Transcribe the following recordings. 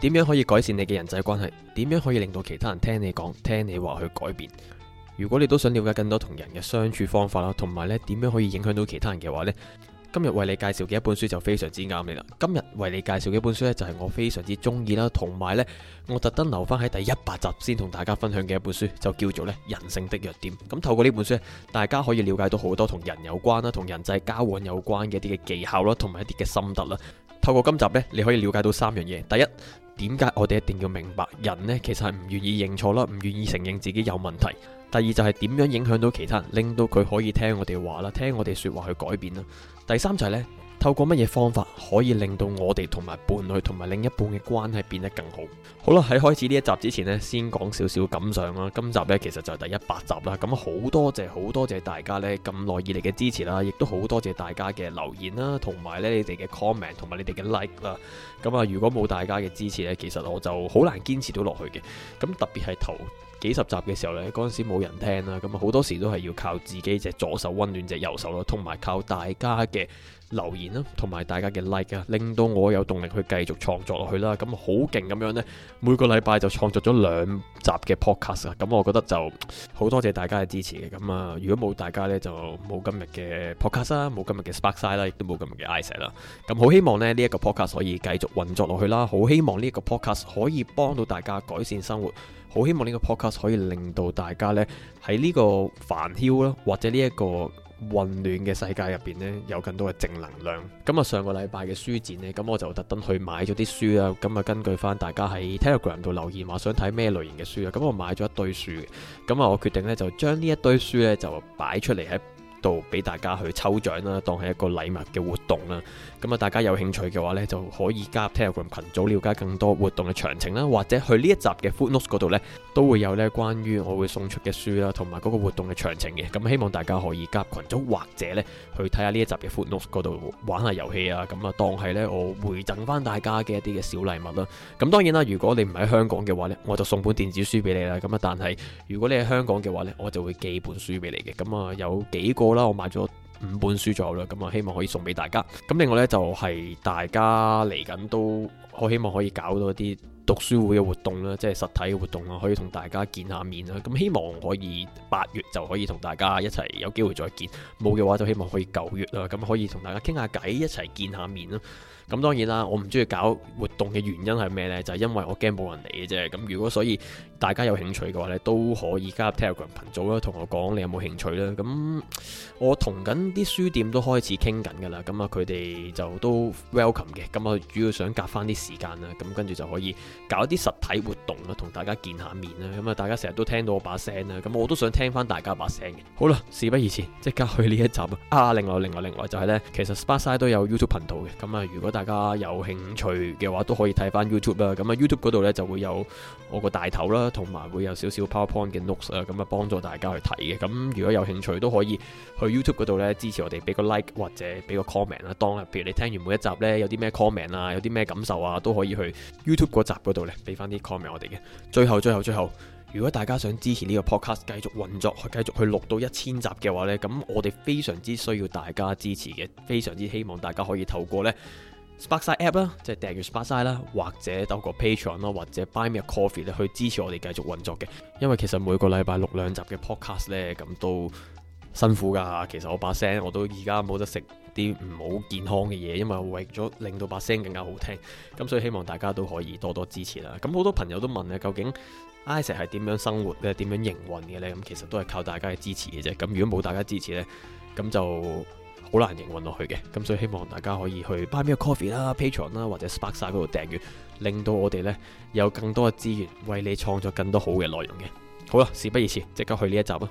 點樣可以改善你嘅人際關係？點樣可以令到其他人聽你講、聽你話去改變？如果你都想了解更多同人嘅相處方法啦，同埋咧點樣可以影響到其他人嘅話呢，今日為你介紹嘅一本書就非常之啱你啦。今日為你介紹嘅一本書呢，就係我非常之中意啦，同埋呢，我特登留翻喺第一百集先同大家分享嘅一本書，就叫做咧人性的弱點。咁透過呢本書，大家可以了解到好多同人有關啦，同人際交往有關嘅一啲嘅技巧啦，同埋一啲嘅心得啦。透過今集呢，你可以了解到三樣嘢，第一。點解我哋一定要明白人呢？其實係唔願意認錯啦，唔願意承認自己有問題。第二就係點樣影響到其他人，令到佢可以聽我哋話啦，聽我哋説話去改變啦。第三就係呢。透過乜嘢方法可以令到我哋同埋伴侶同埋另一半嘅關係變得更好？好啦，喺開始呢一集之前呢，先講少少感想啦。今集呢，其實就係第一百集啦。咁好多謝好多謝大家呢咁耐以嚟嘅支持啦，亦都好多謝大家嘅留言啦，同埋呢你哋嘅 comment 同埋你哋嘅 like 啦。咁啊，如果冇大家嘅支持呢，其實我就好難堅持到落去嘅。咁特別係頭。幾十集嘅時候呢，嗰陣時冇人聽啦，咁好多時都係要靠自己隻左手溫暖隻右手咯，同埋靠大家嘅留言啦，同埋大家嘅 like 啊，令到我有動力去繼續創作落去啦。咁好勁咁樣呢，每個禮拜就創作咗兩集嘅 podcast 啊。咁我覺得就好多謝大家嘅支持嘅。咁啊，如果冇大家呢，就冇今日嘅 podcast 啦，冇今日嘅 sparkside 啦，亦都冇今日嘅 ishare 啦。咁好希望咧，呢一個 podcast 可以繼續運作落去啦。好希望呢一個 podcast 可以幫到大家改善生活。好希望呢個 podcast 可以令到大家呢，喺呢個煩囂啦，或者呢一個混亂嘅世界入邊呢，有更多嘅正能量。咁啊，上個禮拜嘅書展呢，咁我就特登去買咗啲書啦。咁啊，根據返大家喺 Telegram 度留言話想睇咩類型嘅書啊，咁我買咗一堆書。咁啊，我決定呢，就將呢一堆書呢，就擺出嚟喺度俾大家去抽獎啦，當係一個禮物嘅活動啦。咁啊，大家有興趣嘅話呢，就可以加入 Telegram 群組，了解更多活動嘅詳情啦。或者去呢一集嘅 footnotes 嗰度呢，都會有呢，關於我會送出嘅書啦，同埋嗰個活動嘅詳情嘅。咁希望大家可以加入群組，或者呢，去睇下呢一集嘅 footnotes 嗰度玩下遊戲啊。咁啊，當係呢，我回贈翻大家嘅一啲嘅小禮物啦。咁當然啦，如果你唔喺香港嘅話呢，我就送本電子書俾你啦。咁啊，但係如果你喺香港嘅話呢，我就會寄本書俾你嘅。咁啊，有幾個啦，我買咗。五本書左右啦，咁啊，希望可以送俾大家。咁另外呢，就係大家嚟緊都我希望可以搞到一啲讀書會嘅活動啦，即係實體嘅活動啊，可以同大家見下面啦。咁希望可以八月就可以同大家一齊有機會再見。冇嘅話就希望可以九月啦，咁可以同大家傾下偈，一齊見下面啦。咁當然啦，我唔中意搞活動嘅原因係咩呢？就係因為我驚冇人嚟嘅啫。咁如果所以。大家有興趣嘅話咧，都可以加入 Telegram 羣組啦，同我講你有冇興趣啦。咁我同緊啲書店都開始傾緊噶啦，咁啊佢哋就都 welcome 嘅。咁啊，主要想夾翻啲時間啦，咁跟住就可以搞一啲實體活動啦，同大家見下面啦。咁啊，大家成日都聽到我把聲啦，咁我都想聽翻大家把聲嘅。好啦，事不宜遲，即刻去呢一集啊！另外另外另外就係呢，其實 Spotify 都有 YouTube 頻道嘅。咁啊，如果大家有興趣嘅話，都可以睇翻 YouTube 啦。咁啊，YouTube 嗰度呢，就會有我個大頭啦。同埋會有少少 PowerPoint 嘅 notes 啊，咁啊幫助大家去睇嘅。咁如果有興趣都可以去 YouTube 嗰度呢，支持我哋，俾個 like 或者俾個 comment 啦。當譬如你聽完每一集呢，有啲咩 comment 啊，有啲咩感受啊，都可以去 YouTube 嗰集嗰度呢，俾翻啲 comment 我哋嘅。最後最後最後，如果大家想支持呢個 podcast 繼續運作，去繼續去錄到一千集嘅話呢，咁我哋非常之需要大家支持嘅，非常之希望大家可以透過呢。Sparkside app 啦，即係訂閱 Sparkside 啦，或者兜過 Patreon 啦，或者 Buy Me a Coffee 咧去支持我哋繼續運作嘅。因為其實每個禮拜六兩集嘅 Podcast 咧，咁都辛苦噶。其實我把聲我都而家冇得食啲唔好健康嘅嘢，因為為咗令到把聲更加好聽。咁所以希望大家都可以多多支持啦。咁好多朋友都問咧，究竟 Isaac 係點樣生活咧，點樣營運嘅咧？咁其實都係靠大家嘅支持嘅啫。咁如果冇大家支持咧，咁就。好難營運落去嘅，咁所以希望大家可以去 Buy Me A Coffee 啦、Patreon 啦或者 Sparkle 嗰度訂閱，令到我哋呢有更多嘅資源，為你創作更多好嘅內容嘅。好啦，事不宜遲，即刻去呢一集啦！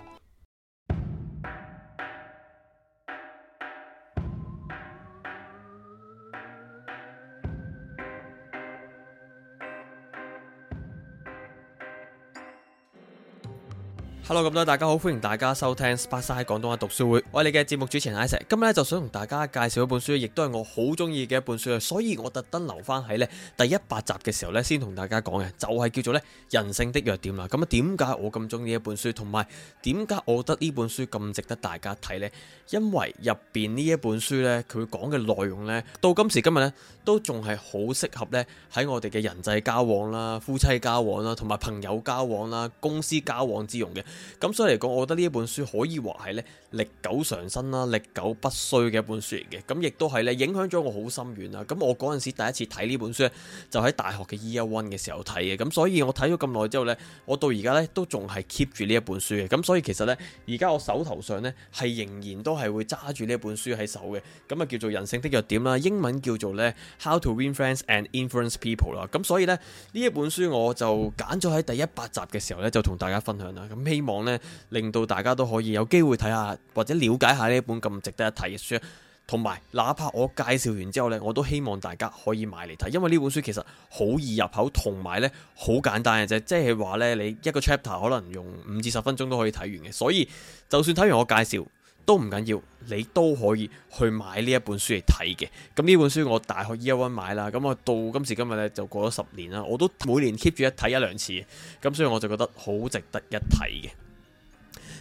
Hello，咁多位大家好，歡迎大家收聽《Sparkside 廣東話讀書會》，我係你嘅節目主持人 Ish。今日咧就想同大家介紹一本書，亦都係我好中意嘅一本書。所以我特登留翻喺呢第一百集嘅時候呢，先同大家講嘅，就係叫做咧人性的弱點啦。咁啊，點解我咁中意呢本書？同埋點解我覺得呢本書咁值得大家睇呢？因為入邊呢一本書呢，佢講嘅內容呢，到今時今日呢，都仲係好適合呢喺我哋嘅人際交往啦、夫妻交往啦、同埋朋友交往啦、公司交往之用嘅。咁所以嚟講，我覺得呢一本書可以話係咧歷久常新啦、歷久不衰嘅一本書嚟嘅。咁亦都係咧影響咗我好深遠啦。咁我嗰陣時第一次睇呢本書咧，就喺大學嘅 Year One 嘅時候睇嘅。咁所以我睇咗咁耐之後呢，我到而家呢都仲係 keep 住呢一本書嘅。咁所以其實呢，而家我手頭上呢係仍然都係會揸住呢一本書喺手嘅。咁啊叫做人性的弱點啦，英文叫做呢「How to Win Friends and Influence People」啦。咁所以呢，呢一本書我就揀咗喺第一百集嘅時候呢，就同大家分享啦。咁希講咧，令到大家都可以有機會睇下或者了解下呢一本咁值得一睇嘅書，同埋哪怕我介紹完之後呢，我都希望大家可以買嚟睇，因為呢本書其實好易入口，同埋呢好簡單嘅啫，即係話呢，你一個 chapter 可能用五至十分鐘都可以睇完嘅，所以就算睇完我介紹。都唔緊要緊，你都可以去買呢一本書嚟睇嘅。咁呢本書我大學 year one 買啦，咁我到今時今日呢，就過咗十年啦，我都每年 keep 住一睇一兩次，咁所以我就覺得好值得一睇嘅。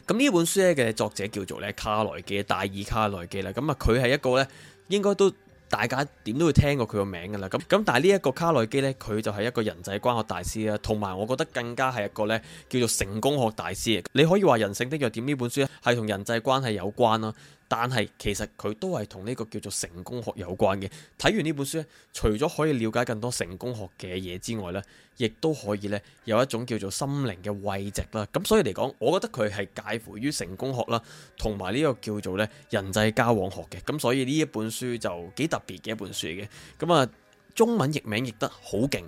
咁呢本書咧嘅作者叫做咧卡耐基，大爾卡耐基啦。咁啊，佢係一個咧，應該都。大家點都會聽過佢個名㗎喇，咁咁但係呢一個卡內基呢，佢就係一個人際關學大師啦，啊，同埋我覺得更加係一個呢叫做成功學大師。你可以話《人性的弱點》呢本書咧，係同人際關係有關咯，啊。但係其實佢都係同呢個叫做成功學有關嘅。睇完呢本書咧，除咗可以了解更多成功學嘅嘢之外咧，亦都可以咧有一種叫做心靈嘅慰藉啦。咁所以嚟講，我覺得佢係介乎於成功學啦，同埋呢個叫做咧人際交往學嘅。咁所以呢一本書就幾特別嘅一本書嘅。咁啊，中文譯名譯得好勁。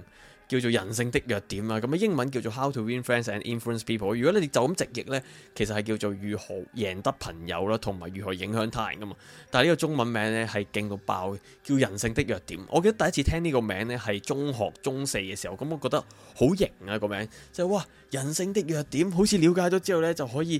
叫做人性的弱點啊，咁嘅英文叫做 How to Win Friends and Influence People。如果你哋就咁直譯呢，其實係叫做如何贏得朋友啦，同埋如何影響他人噶嘛。但係呢個中文名呢，係勁到爆，叫人性的弱點。我記得第一次聽呢個名呢，係中學中四嘅時候，咁我覺得好型啊、這個名，就係、哇人性的弱點，好似了解咗之後呢，就可以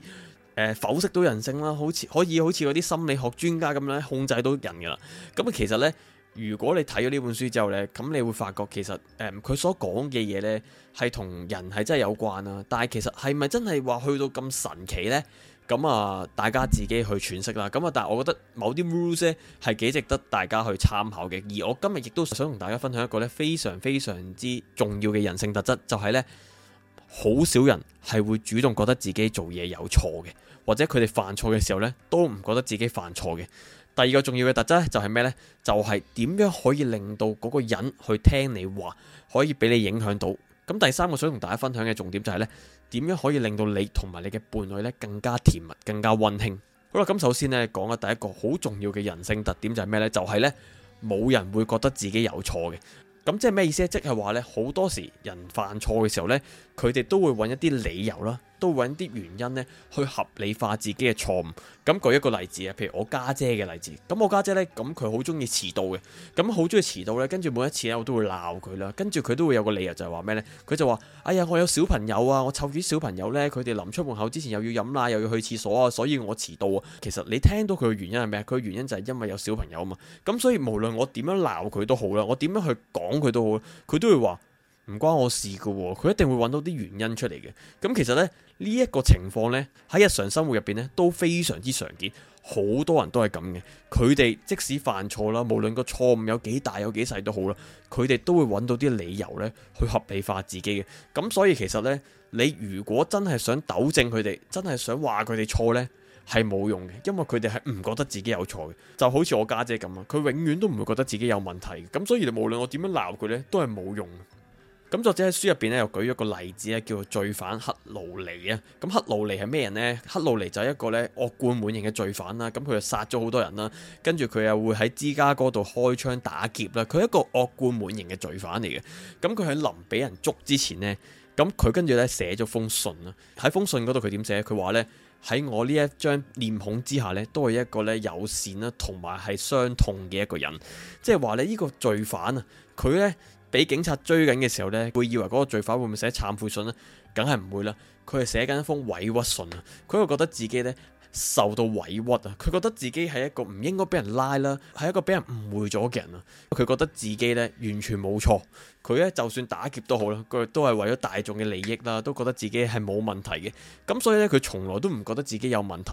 誒剖析、呃、到人性啦，好似可以好似嗰啲心理學專家咁樣控制到人噶啦。咁啊其實呢。如果你睇咗呢本書之後呢，咁你會發覺其實，誒、呃，佢所講嘅嘢呢，係同人係真係有關啦、啊。但係其實係咪真係話去到咁神奇呢？咁啊，大家自己去詮釋啦。咁啊，但係我覺得某啲 moves 呢係幾值得大家去參考嘅。而我今日亦都想同大家分享一個呢非常非常之重要嘅人性特質，就係、是、呢：好少人係會主動覺得自己做嘢有錯嘅，或者佢哋犯錯嘅時候呢，都唔覺得自己犯錯嘅。第二個重要嘅特質咧，就係咩呢？就係點樣可以令到嗰個人去聽你話，可以俾你影響到。咁第三個想同大家分享嘅重點就係呢：點樣可以令到你同埋你嘅伴侶呢更加甜蜜，更加溫馨。好啦，咁首先呢，講嘅第一個好重要嘅人性特點就係咩呢？就係呢，冇人會覺得自己有錯嘅。咁即係咩意思咧？即係話呢，好多時人犯錯嘅時候呢。佢哋都會揾一啲理由啦，都揾啲原因呢去合理化自己嘅錯誤。咁舉一個例子啊，譬如我家姐嘅例子。咁我家姐呢，咁佢好中意遲到嘅，咁好中意遲到呢，跟住每一次呢，我都會鬧佢啦。跟住佢都會有個理由，就係話咩呢？佢就話：「哎呀，我有小朋友啊，我湊住小朋友呢。」佢哋臨出門口之前又要飲奶，又要去廁所啊，所以我遲到啊。其實你聽到佢嘅原因係咩？佢嘅原因就係因為有小朋友啊嘛。咁所以無論我點樣鬧佢都好啦，我點樣去講佢都好，佢都會話。唔關我事噶喎，佢一定會揾到啲原因出嚟嘅。咁其實呢，呢一個情況呢，喺日常生活入邊呢都非常之常見，好多人都係咁嘅。佢哋即使犯錯啦，無論個錯誤有幾大有幾細都好啦，佢哋都會揾到啲理由呢去合理化自己嘅。咁所以其實呢，你如果真係想糾正佢哋，真係想話佢哋錯呢，係冇用嘅，因為佢哋係唔覺得自己有錯嘅。就好似我家姐咁啊，佢永遠都唔會覺得自己有問題，咁所以無論我點樣鬧佢呢，都係冇用。咁作者喺書入邊咧，又舉咗個例子咧，叫做罪犯克魯尼啊。咁克魯尼係咩人呢？克魯尼就係一個咧惡貫滿盈嘅罪犯啦。咁佢就殺咗好多人啦，跟住佢又會喺芝加哥度開槍打劫啦。佢係一個惡貫滿盈嘅罪犯嚟嘅。咁佢喺臨俾人捉之前呢，咁佢跟住咧寫咗封信啦。喺封信嗰度佢點寫？佢話呢，喺我呢一張臉孔之下呢，都係一個咧友善啦，同埋係傷痛嘅一個人。即係話咧呢個罪犯啊，佢呢。俾警察追緊嘅時候呢，會以為嗰個罪犯會唔會寫懺悔信呢？梗係唔會啦。佢係寫緊一封委屈信啊！佢又覺得自己呢受到委屈啊！佢覺得自己係一個唔應該俾人拉啦，係一個俾人誤會咗嘅人啊！佢覺得自己呢完全冇錯，佢呢就算打劫好都好啦，佢都係為咗大眾嘅利益啦，都覺得自己係冇問題嘅。咁所以呢，佢從來都唔覺得自己有問題，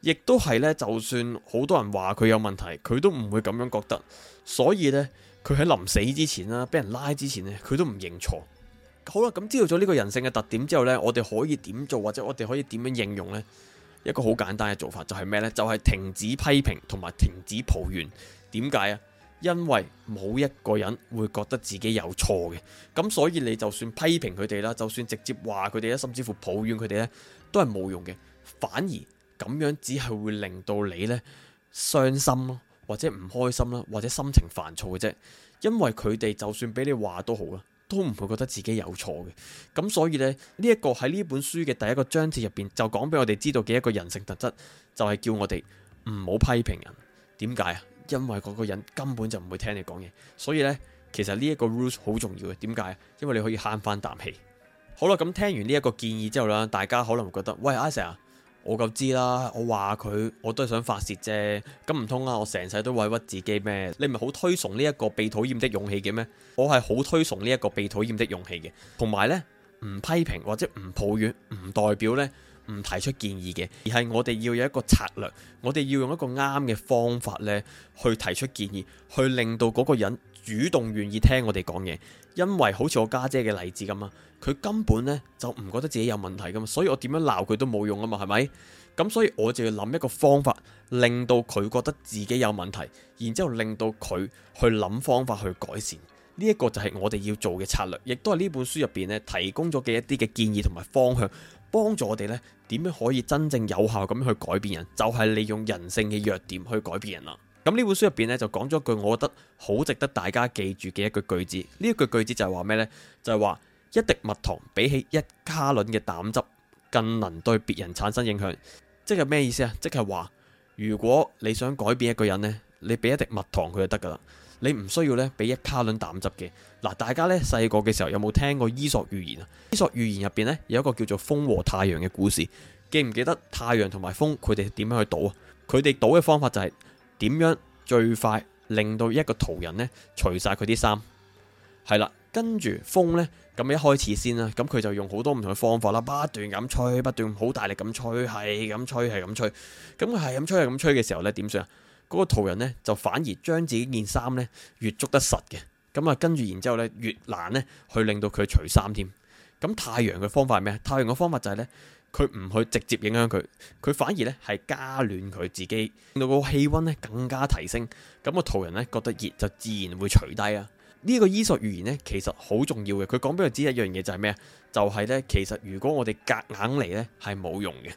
亦都係呢，就算好多人話佢有問題，佢都唔會咁樣覺得。所以呢。佢喺臨死之前啦，俾人拉之前呢，佢都唔認錯。好啦，啊，咁知道咗呢個人性嘅特點之後呢，我哋可以點做，或者我哋可以點樣應用呢？一個好簡單嘅做法就係咩呢？就係、是、停止批評同埋停止抱怨。點解啊？因為冇一個人會覺得自己有錯嘅，咁所以你就算批評佢哋啦，就算直接話佢哋咧，甚至乎抱怨佢哋咧，都係冇用嘅。反而咁樣只係會令到你呢傷心咯。或者唔開心啦，或者心情煩躁嘅啫，因為佢哋就算俾你話都好啦，都唔會覺得自己有錯嘅。咁所以呢，呢一個喺呢本書嘅第一個章節入邊就講俾我哋知道嘅一個人性特質，就係叫我哋唔好批評人。點解啊？因為嗰個人根本就唔會聽你講嘢。所以呢，其實呢一個 rules 好重要嘅。點解啊？因為你可以慳翻啖氣。好啦，咁聽完呢一個建議之後啦，大家可能會覺得，喂，Isa。阿我就知啦，我話佢，我都係想發洩啫。咁唔通啊，我成世都委屈自己咩？你唔係好推崇呢一個被討厭的勇氣嘅咩？我係好推崇呢一個被討厭的勇氣嘅。同埋呢，唔批評或者唔抱怨，唔代表呢唔提出建議嘅，而係我哋要有一個策略，我哋要用一個啱嘅方法呢去提出建議，去令到嗰個人。主動願意聽我哋講嘢，因為好似我家姐嘅例子咁啊，佢根本呢就唔覺得自己有問題噶嘛，所以我點樣鬧佢都冇用啊嘛，係咪？咁所以我就要諗一個方法，令到佢覺得自己有問題，然之後令到佢去諗方法去改善。呢一個就係我哋要做嘅策略，亦都係呢本書入邊呢提供咗嘅一啲嘅建議同埋方向，幫助我哋呢點樣可以真正有效咁去改變人，就係利用人性嘅弱點去改變人啦。咁呢本書入邊咧，就講咗一句我覺得好值得大家記住嘅一句句子。呢一句句子就係話咩呢？就係話一滴蜜糖比起一卡倫嘅膽汁更能對別人產生影響。即係咩意思啊？即係話如果你想改變一個人呢，你俾一滴蜜糖佢就得噶啦，你唔需要咧俾一卡倫膽汁嘅。嗱，大家呢細個嘅時候有冇聽過伊索寓言啊？伊索寓言入邊呢，有一個叫做風和太陽嘅故事，記唔記得太陽同埋風佢哋點樣去賭啊？佢哋賭嘅方法就係。點樣最快令到一個途人呢除晒佢啲衫？係啦，跟住風呢咁一開始先啦，咁佢就用好多唔同嘅方法啦，不斷咁吹，不斷好大力咁吹，係咁吹，係咁吹，咁佢係咁吹，係咁吹嘅時候呢，點算啊？嗰個途人呢就反而將自己件衫呢越捉得實嘅，咁啊跟住然之後呢越難呢去令到佢除衫添。咁太陽嘅方法係咩啊？太陽嘅方法就係呢。佢唔去直接影響佢，佢反而咧係加暖佢自己，令到個氣温咧更加提升。咁個途人咧覺得熱就自然會除低啦。呢個醫術語言呢，其實好重要嘅，佢講俾我知一樣嘢就係咩？就係呢，其實如果我哋夾硬嚟呢，係冇用嘅。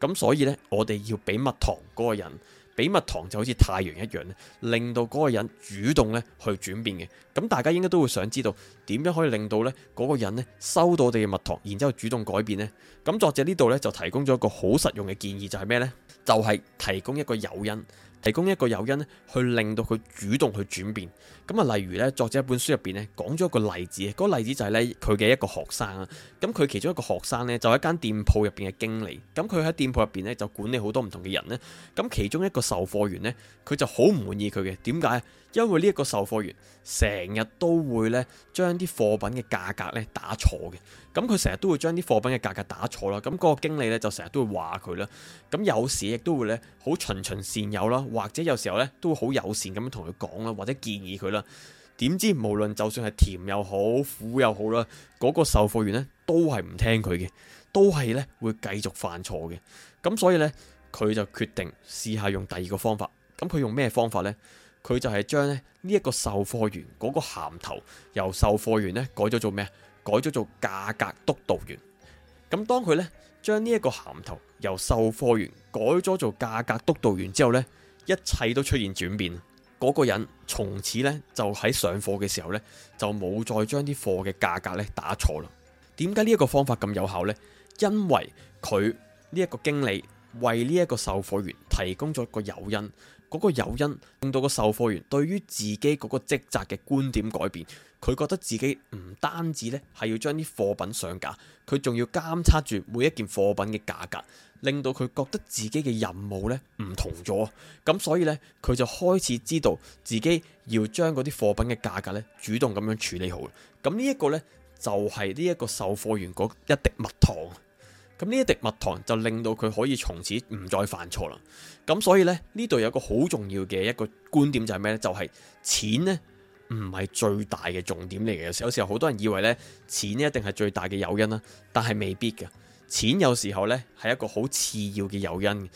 咁所以呢，我哋要俾蜜糖嗰個人。俾蜜糖就好似太陽一樣咧，令到嗰個人主動咧去轉變嘅。咁大家應該都會想知道點樣可以令到咧嗰個人咧收到我哋嘅蜜糖，然之後主動改變呢。咁作者呢度咧就提供咗一個好實用嘅建議，就係咩呢？就係提供一個誘因。提供一個誘因咧，去令到佢主動去轉變。咁啊，例如咧，作者一本書入邊咧，講咗一個例子，嗰個例子就係咧，佢嘅一個學生啊。咁佢其中一個學生咧，就係間店鋪入邊嘅經理。咁佢喺店鋪入邊咧，就管理好多唔同嘅人咧。咁其中一個售貨員咧，佢就好唔滿意佢嘅。點解？因為呢一個售貨員成日都會咧，將啲貨品嘅價格咧打錯嘅。咁佢成日都會將啲貨品嘅價格，格打錯啦，咁嗰個經理咧就成日都會話佢啦，咁有時亦都會咧好循循善誘啦，或者有時候咧都會好友善咁樣同佢講啦，或者建議佢啦。點知無論就算係甜又好，苦又好啦，嗰、嗰個售貨員咧都係唔聽佢嘅，都係咧會繼續犯錯嘅。咁所以咧，佢就決定試下用第二個方法。咁佢用咩方法咧？佢就係將咧呢一個售貨員嗰個銜頭由售貨員咧改咗做咩？改咗做價格督導員，咁當佢呢將呢一個銜頭由售貨員改咗做價格督導員之後呢，一切都出現轉變。嗰個人從此呢就喺上貨嘅時候呢，就冇再將啲貨嘅價格呢打錯啦。點解呢一個方法咁有效呢？因為佢呢一個經理為呢一個售貨員提供咗個誘因。嗰個誘因令到個售貨員對於自己嗰個職責嘅觀點改變，佢覺得自己唔單止呢係要將啲貨品上架，佢仲要監察住每一件貨品嘅價格，令到佢覺得自己嘅任務呢唔同咗，咁所以呢，佢就開始知道自己要將嗰啲貨品嘅價格呢主動咁樣處理好，咁呢一個呢，就係呢一個售貨員嗰一滴蜜糖。咁呢一滴蜜糖就令到佢可以從此唔再犯錯啦。咁所以呢，呢度有個好重要嘅一個觀點就係咩呢？就係、是、錢呢唔係最大嘅重點嚟嘅。有時候好多人以為呢，錢一定係最大嘅誘因啦，但係未必嘅。錢有時候呢，係一個好次要嘅誘因。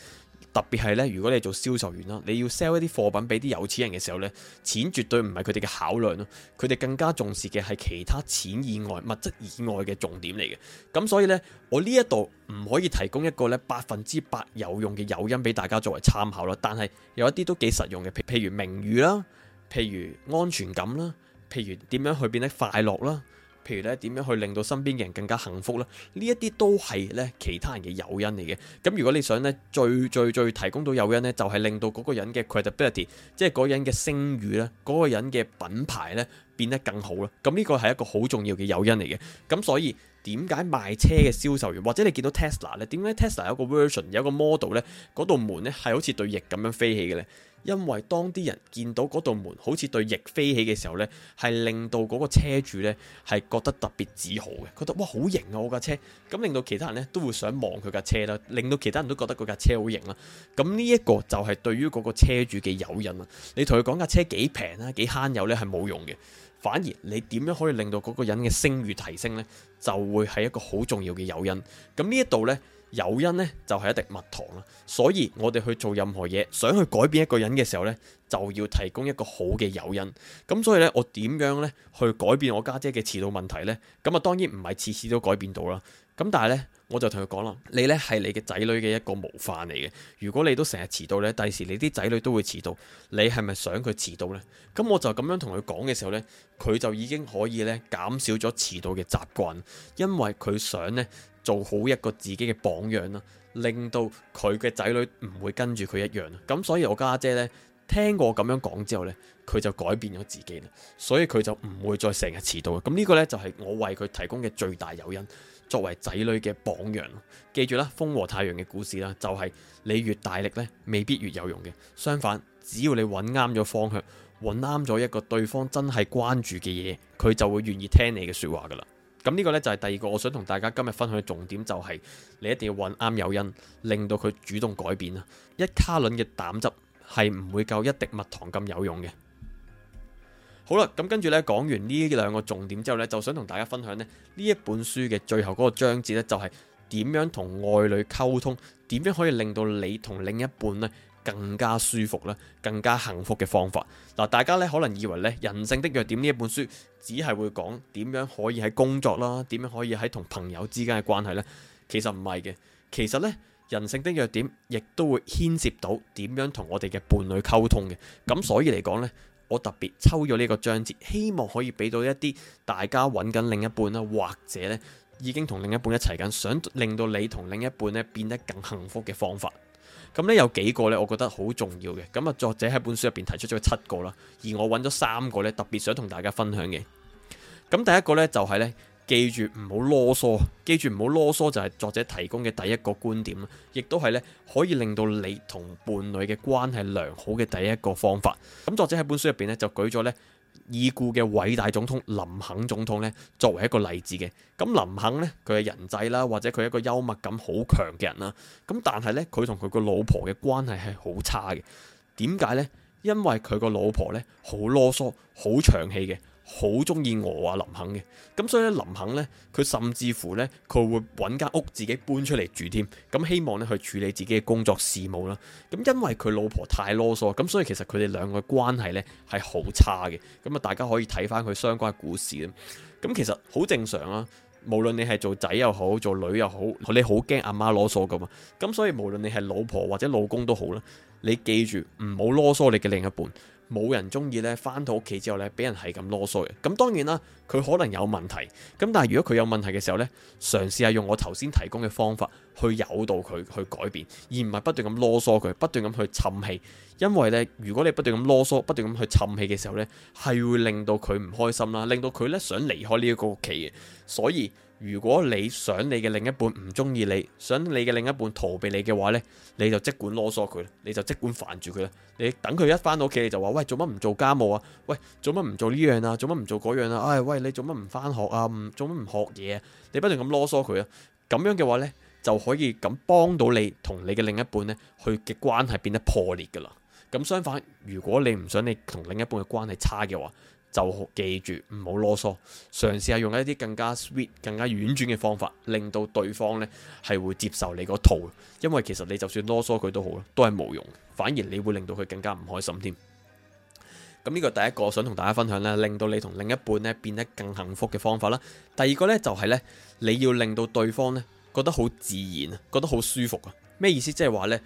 特別係咧，如果你做銷售員啦，你要 sell 一啲貨品俾啲有錢人嘅時候咧，錢絕對唔係佢哋嘅考量咯，佢哋更加重視嘅係其他錢以外、物質以外嘅重點嚟嘅。咁所以咧，我呢一度唔可以提供一個咧百分之百有用嘅誘因俾大家作為參考咯，但係有一啲都幾實用嘅，譬譬如名譽啦，譬如安全感啦，譬如點樣去變得快樂啦。譬如咧，點樣去令到身邊嘅人更加幸福咧？呢一啲都係咧其他人嘅誘因嚟嘅。咁如果你想咧，最，最最最提供到誘因咧，就係、是、令到嗰個人嘅 credibility，即係嗰人嘅聲譽咧，嗰個人嘅、那個、品牌咧變得更好啦。咁呢個係一個好重要嘅誘因嚟嘅。咁所以。點解賣車嘅銷售員或者你見到 Tesla 咧？點解 Tesla 有個 version 有個 model 咧？嗰道門咧係好似對翼咁樣飛起嘅咧？因為當啲人見到嗰道門好似對翼飛起嘅時候咧，係令到嗰個車主咧係覺得特別自豪嘅，覺得哇好型啊我架車！咁令到其他人咧都會想望佢架車啦，令到其他人都覺得佢架車好型啦，啊。咁呢一個就係對於嗰個車主嘅誘人啊！你同佢講架車幾平啦，幾慳油咧，係冇用嘅。反而你點樣可以令到嗰個人嘅聲譽提升呢？就會係一個好重要嘅誘因。咁呢一度呢，誘因呢就係一滴蜜糖啦。所以我哋去做任何嘢，想去改變一個人嘅時候呢，就要提供一個好嘅誘因。咁所以呢，我點樣呢去改變我家姐嘅遲到問題呢？咁啊當然唔係次次都改變到啦。咁但係呢，我就同佢講咯，你呢係你嘅仔女嘅一個模範嚟嘅。如果你都成日遲到呢，第時你啲仔女都會遲到。你係咪想佢遲到呢？咁我就咁樣同佢講嘅時候呢，佢就已經可以呢減少咗遲到嘅習慣，因為佢想呢做好一個自己嘅榜樣啦，令到佢嘅仔女唔會跟住佢一樣啦。咁所以我家姐呢，聽過我咁樣講之後呢，佢就改變咗自己啦，所以佢就唔會再成日遲到。咁呢個呢，就係我為佢提供嘅最大誘因。作為仔女嘅榜樣，記住啦，風和太陽嘅故事啦，就係你越大力咧，未必越有用嘅。相反，只要你揾啱咗方向，揾啱咗一個對方真係關注嘅嘢，佢就會願意聽你嘅說話噶啦。咁呢個呢，就係第二個我想同大家今日分享嘅重點，就係你一定要揾啱誘因，令到佢主動改變啊。一卡侖嘅膽汁係唔會夠一滴蜜糖咁有用嘅。好啦，咁跟住咧，講完呢兩個重點之後咧，就想同大家分享呢，呢一本書嘅最後嗰個章節咧，就係點樣同愛侶溝通，點樣可以令到你同另一半咧更加舒服咧，更加幸福嘅方法。嗱，大家咧可能以為咧《人性的弱點》呢一本書只係會講點樣可以喺工作啦，點樣可以喺同朋友之間嘅關係咧，其實唔係嘅。其實咧《人性的弱點》亦都會牽涉到點樣同我哋嘅伴侶溝通嘅。咁所以嚟講咧。我特別抽咗呢個章節，希望可以俾到一啲大家揾緊另一半啦，或者咧已經同另一半一齊緊，想令到你同另一半咧變得更幸福嘅方法。咁呢，有幾個呢，我覺得好重要嘅。咁啊，作者喺本書入邊提出咗七個啦，而我揾咗三個呢，特別想同大家分享嘅。咁第一個呢，就係，就係呢。記住唔好囉嗦，記住唔好囉嗦就係作者提供嘅第一個觀點，亦都係咧可以令到你同伴侶嘅關係良好嘅第一個方法。咁作者喺本書入邊咧就舉咗呢，已故嘅偉大總統林肯總統咧作為一個例子嘅。咁林肯呢，佢係人際啦，或者佢係一個幽默感好強嘅人啦。咁但係呢，佢同佢個老婆嘅關係係好差嘅。點解呢？因為佢個老婆呢，好囉嗦，好長氣嘅。好中意我啊林肯嘅，咁所以咧林肯呢，佢甚至乎呢，佢會揾間屋自己搬出嚟住添，咁希望呢，去處理自己嘅工作事務啦。咁因為佢老婆太囉嗦，咁所以其實佢哋兩個關係呢，係好差嘅。咁啊大家可以睇翻佢相關嘅故事。咁其實好正常啊，無論你係做仔又好做女又好，你好驚阿媽囉嗦噶嘛。咁所以無論你係老婆或者老公都好啦，你記住唔好囉嗦你嘅另一半。冇人中意咧，返到屋企之後咧，俾人係咁囉嗦嘅。咁當然啦，佢可能有問題。咁但係如果佢有問題嘅時候咧，嘗試下用我頭先提供嘅方法去誘導佢去改變，而唔係不斷咁囉嗦佢，不斷咁去氹氣。因為咧，如果你不斷咁囉嗦，不斷咁去氹氣嘅時候咧，係會令到佢唔開心啦，令到佢咧想離開呢一個屋企嘅。所以。如果你想你嘅另一半唔中意你，想你嘅另一半逃避你嘅話呢，你就即管囉嗦佢，你就即管煩住佢啦。你等佢一翻到屋企你就話，喂，做乜唔做家務啊？喂，做乜唔做呢樣啊？做乜唔做嗰樣啊？唉、哎，喂，你做乜唔翻學啊？唔做乜唔學嘢啊？你不斷咁囉嗦佢啊，咁樣嘅話呢，就可以咁幫到你同你嘅另一半呢，去嘅關係變得破裂噶啦。咁相反，如果你唔想你同另一半嘅關係差嘅話，就記住唔好囉嗦，嘗試下用一啲更加 sweet、更加婉轉嘅方法，令到對方呢係會接受你個套。因為其實你就算囉嗦佢都好啦，都係冇用，反而你會令到佢更加唔開心添。咁呢個第一個想同大家分享呢，令到你同另一半呢變得更幸福嘅方法啦。第二個呢就係呢，你要令到對方呢覺得好自然，覺得好舒服啊。咩意思？即係話呢。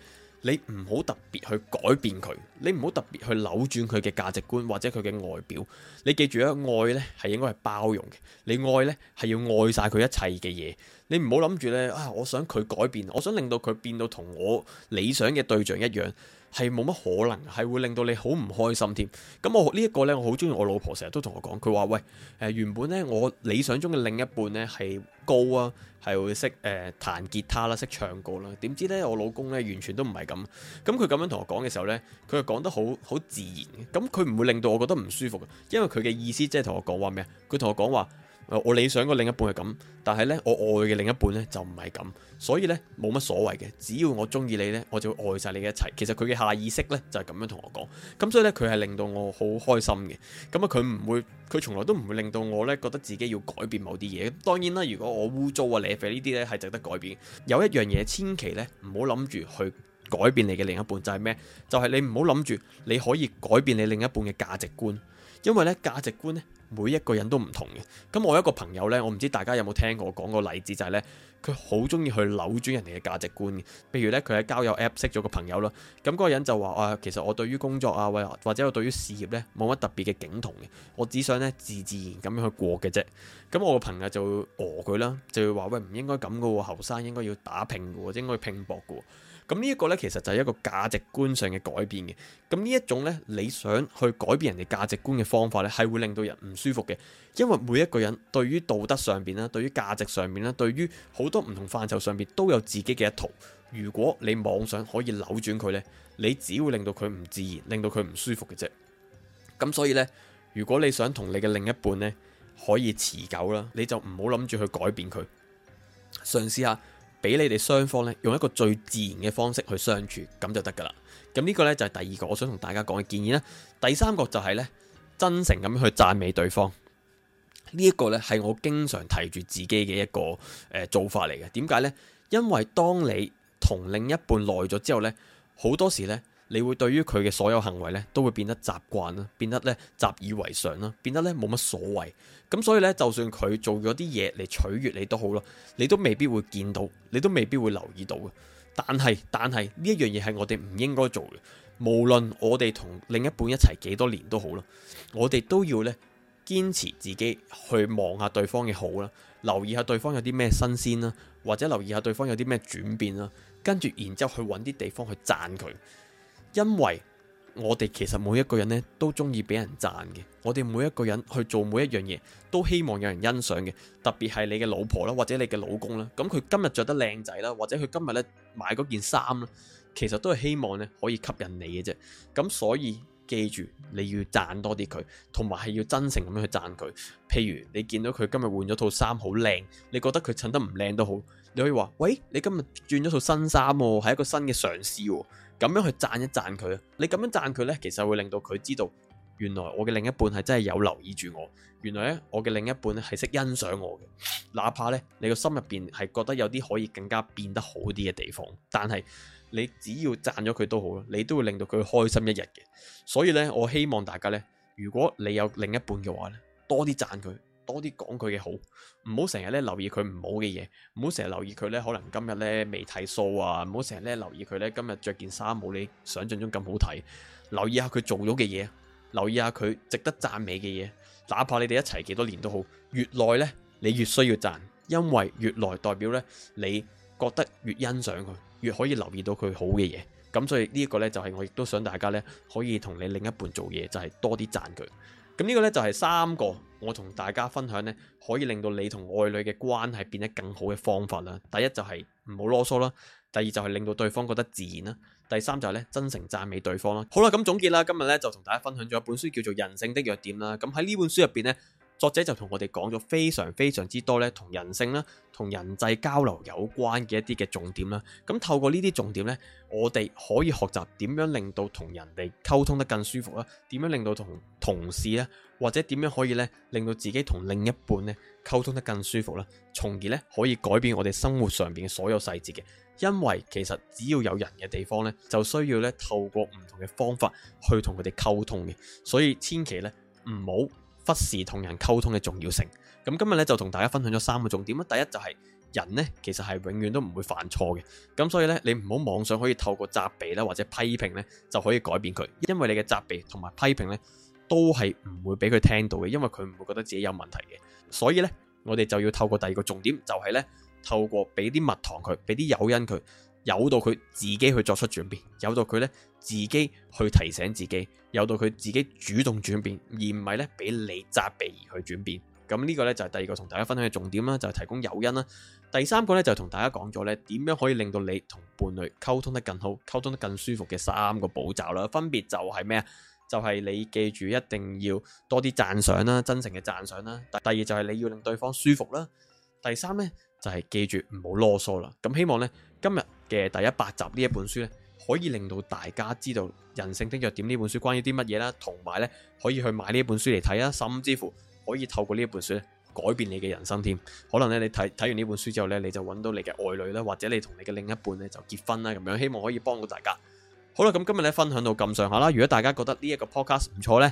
你唔好特別去改變佢，你唔好特別去扭轉佢嘅價值觀或者佢嘅外表。你記住啊，愛呢係應該係包容嘅，你愛呢係要愛晒佢一切嘅嘢。你唔好諗住呢：「啊，我想佢改變，我想令到佢變到同我理想嘅對象一樣。」係冇乜可能，係會令到你好唔開心添。咁我呢一個呢，我好中意我老婆成日都同我講，佢話喂，誒、呃、原本呢，我理想中嘅另一半呢係高啊，係會識誒彈吉他啦，啊，識唱歌啦，啊。點知呢，我老公呢，完全都唔係咁。咁佢咁樣同我講嘅時候呢，佢係講得好好自然，咁佢唔會令到我覺得唔舒服。因為佢嘅意思即係同我講話咩？佢同我講話。我理想嘅另一半係咁，但係呢，我愛嘅另一半呢就唔係咁，所以呢，冇乜所謂嘅，只要我中意你呢，我就會愛晒你嘅一切。其實佢嘅下意識呢，就係咁樣同我講，咁所以呢，佢係令到我好開心嘅。咁啊佢唔會，佢從來都唔會令到我呢，覺得自己要改變某啲嘢。當然啦，如果我污糟啊、舐肥呢啲呢係值得改變。有一樣嘢千祈呢，唔好諗住去改變你嘅另一半，就係咩？就係你唔好諗住你可以改變你另一半嘅價值觀，因為呢價值觀呢。每一個人都唔同嘅，咁我一個朋友呢，我唔知大家有冇聽過我講個例子就係呢，佢好中意去扭轉人哋嘅價值觀嘅。譬如呢，佢喺交友 App 識咗個朋友啦，咁嗰個人就話啊，其實我對於工作啊，或者我對於事業呢，冇乜特別嘅景同嘅，我只想呢，自自然咁樣去過嘅啫。咁我個朋友就餓佢啦，就會話喂，唔應該咁噶喎後生應該要打拼噶喎應該拼搏噶咁呢一個呢，其實就係一個價值觀上嘅改變嘅。咁呢一種呢，你想去改變人哋價值觀嘅方法呢，係會令到人唔舒服嘅。因為每一個人對於道德上邊啦，對於價值上面啦，對於好多唔同範疇上邊都有自己嘅一套。如果你妄想可以扭轉佢呢，你只會令到佢唔自然，令到佢唔舒服嘅啫。咁所以呢，如果你想同你嘅另一半呢，可以持久啦，你就唔好諗住去改變佢，嘗試下。俾你哋雙方咧，用一個最自然嘅方式去相處，咁就得噶啦。咁呢個呢，就係、是、第二個我想同大家講嘅建議啦。第三個就係呢，真誠咁去讚美對方。這個、呢一個咧係我經常提住自己嘅一個、呃、做法嚟嘅。點解呢？因為當你同另一半耐咗之後呢，好多時呢。你會對於佢嘅所有行為咧，都會變得習慣啦，變得咧習以為常啦，變得咧冇乜所謂。咁所以咧，就算佢做咗啲嘢嚟取悅你都好咯，你都未必會見到，你都未必會留意到嘅。但係但係呢一樣嘢係我哋唔應該做嘅。無論我哋同另一半一齊幾多年都好啦，我哋都要咧堅持自己去望下對方嘅好啦，留意下對方有啲咩新鮮啦，或者留意下對方有啲咩轉變啦，跟住然之後去揾啲地方去讚佢。因為我哋其實每一個人呢都中意俾人讚嘅，我哋每一個人去做每一樣嘢都希望有人欣賞嘅。特別係你嘅老婆啦，或者你嘅老公啦，咁佢今日着得靚仔啦，或者佢今日呢買嗰件衫啦，其實都係希望呢可以吸引你嘅啫。咁所以記住，你要讚多啲佢，同埋係要真誠咁樣去讚佢。譬如你見到佢今日換咗套衫好靚，你覺得佢襯得唔靚都好，你可以話：喂，你今日轉咗套新衫喎，係一個新嘅嘗試。咁樣去贊一贊佢，你咁樣贊佢呢，其實會令到佢知道原，原來我嘅另一半係真係有留意住我，原來呢我嘅另一半係識欣賞我嘅，哪怕呢你個心入邊係覺得有啲可以更加變得好啲嘅地方，但係你只要贊咗佢都好啦，你都會令到佢開心一日嘅。所以呢，我希望大家呢，如果你有另一半嘅話呢，多啲贊佢。多啲講佢嘅好，唔好成日咧留意佢唔好嘅嘢，唔好成日留意佢咧可能今日咧未睇數啊，唔好成日咧留意佢咧今日着件衫冇你想象中咁好睇，留意下佢做咗嘅嘢，留意下佢值得讚美嘅嘢，哪怕你哋一齊幾多年都好，越耐咧你越需要讚，因為越耐代表咧你覺得越欣賞佢，越可以留意到佢好嘅嘢。咁所以呢一個咧就係我亦都想大家咧可以同你另一半做嘢，就係多啲讚佢，咁呢個咧就係三個。我同大家分享呢，可以令到你同愛侶嘅關係變得更好嘅方法啦。第一就係唔好囉嗦啦，第二就係令到對方覺得自然啦，第三就係咧真誠讚美對方啦。好啦，咁總結啦，今日咧就同大家分享咗一本書叫做《人性的弱點》啦。咁喺呢本書入邊咧。作者就同我哋講咗非常非常之多咧，同人性啦、同人際交流有關嘅一啲嘅重點啦。咁、嗯、透過呢啲重點呢，我哋可以學習點樣令到同人哋溝通得更舒服啦，點樣令到同同事呢，或者點樣可以呢令到自己同另一半咧溝通得更舒服啦。從而呢可以改變我哋生活上邊嘅所有細節嘅，因為其實只要有人嘅地方呢，就需要呢透過唔同嘅方法去同佢哋溝通嘅，所以千祈呢，唔好。忽視同人溝通嘅重要性，咁今日呢就同大家分享咗三個重點。第一就係人呢，其實係永遠都唔會犯錯嘅，咁所以呢，你唔好妄想可以透過責備啦或者批評呢就可以改變佢，因為你嘅責備同埋批評呢都係唔會俾佢聽到嘅，因為佢唔會覺得自己有問題嘅，所以呢，我哋就要透過第二個重點，就係呢，透過俾啲蜜糖佢，俾啲誘因佢。由到佢自己去作出轉變，由到佢呢自己去提醒自己，由到佢自己主動轉變，而唔係呢俾你責備而去轉變。咁呢個呢，就係第二個同大家分享嘅重點啦，就係提供誘因啦。第三個呢，就同大家講咗呢點樣可以令到你同伴侶溝通得更好，溝通得更舒服嘅三個步驟啦。分別就係咩啊？就係你記住一定要多啲讚賞啦，真誠嘅讚賞啦。第二就係你要令對方舒服啦。第三呢，就係記住唔好囉嗦啦。咁希望呢，今日。嘅第一百集呢一本書呢，可以令到大家知道人性的弱點呢本書關於啲乜嘢啦，同埋呢，可以去買呢一本書嚟睇啦，甚至乎可以透過呢一本書呢，改變你嘅人生添。可能呢，你睇睇完呢本書之後呢，你就揾到你嘅愛侶啦，或者你同你嘅另一半呢就結婚啦咁樣，希望可以幫到大家。好啦，咁今日呢，分享到咁上下啦。如果大家覺得呢一個 podcast 唔錯呢，